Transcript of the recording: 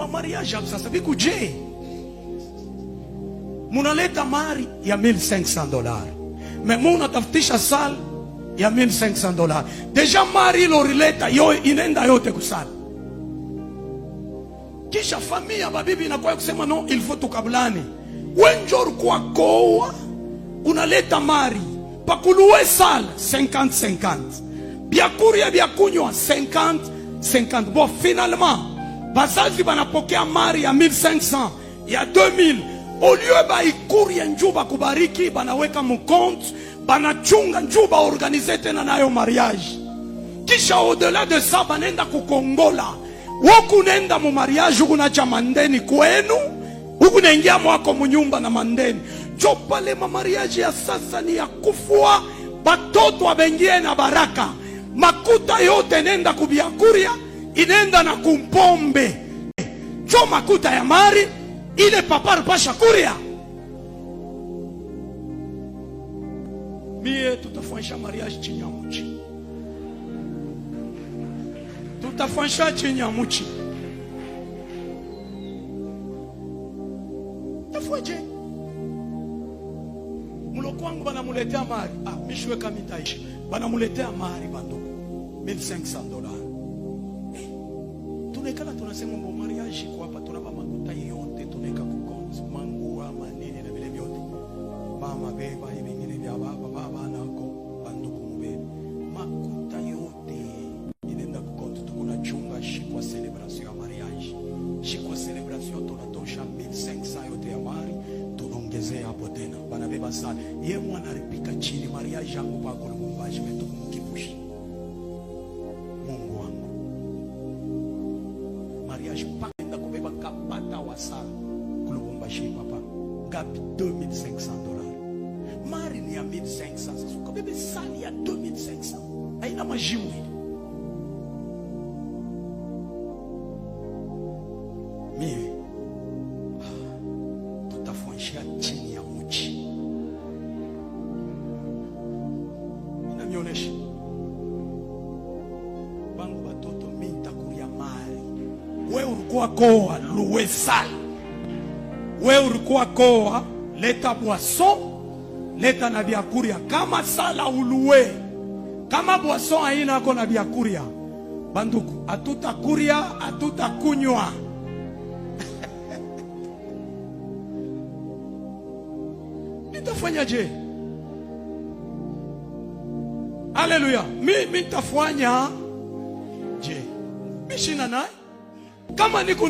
Mamariage hapo sasa biko Munaleta mari ya 1500 dollars. Memu unatafutisha sala ya 1500 dollars. Deja mari ilorileta yo inenda yote kusala. Kisha familia babibi inakuwa kusema no, il faut tukabulane. Wenjor kwa koa unaleta mari pakuluwe sala 50 50. Byakuria byakunywa 50 50. Bon, finalement bazazi banapokea mari ya 1500 ya 2000 olio baikuri ya njuu bakubariki banaweka mukonte banachunga njuu baorganize tena nayo mariage kisha odela de sa banenda kukongola wokunenda mumariage mariage ukunacha mandeni kwenu ukunaingia mwako munyumba na mandeni jo pale mamariage ya sasa ni ya kufua batoto abengie na baraka makuta yote nenda kubiakuria inaenda na kumpombe cho makuta ya mari ile papa pasha kuria mie, tutafanyisha mariage chini ya muchi, tutafanyisha chini ya muchi tafuje muloko wangu banamuletea mari ah, mishweka mitaishi banamuletea mari bandugu 1500 dollars Inaonekana tunasema mambo mariage kwa hapa tunaba makuta yote tunaweka kukonzi mangua manini na vile vyote. Mama beba hivi vingine vya baba baba nako banduku mbele. Makuta yote inaenda kukonzi tunachunga shikwa celebration ya mariage. Shikwa celebration tunatosha 1500 yote ya mari tunaongezea hapo tena. Bana beba sana. Yeye mwana chini mariage yangu kwa kulumbaji metukufu. mariage pakenda kobeba kabata wa sala kulubumbashi papa ngapi 2500 dolari mari ni ya 1500 sasa ukabebe sali ya 2500 aina majimwi ulikuwa koa sal, we ulikuwa koa leta bwaso, leta na biakuria kama sala uluwe. Kama bwaso haina ako na biakuria, banduku, hatutakuria hatutakunywa. Nitafanyaje? Haleluya! Mi mitafanya je? Mishina naye kama niko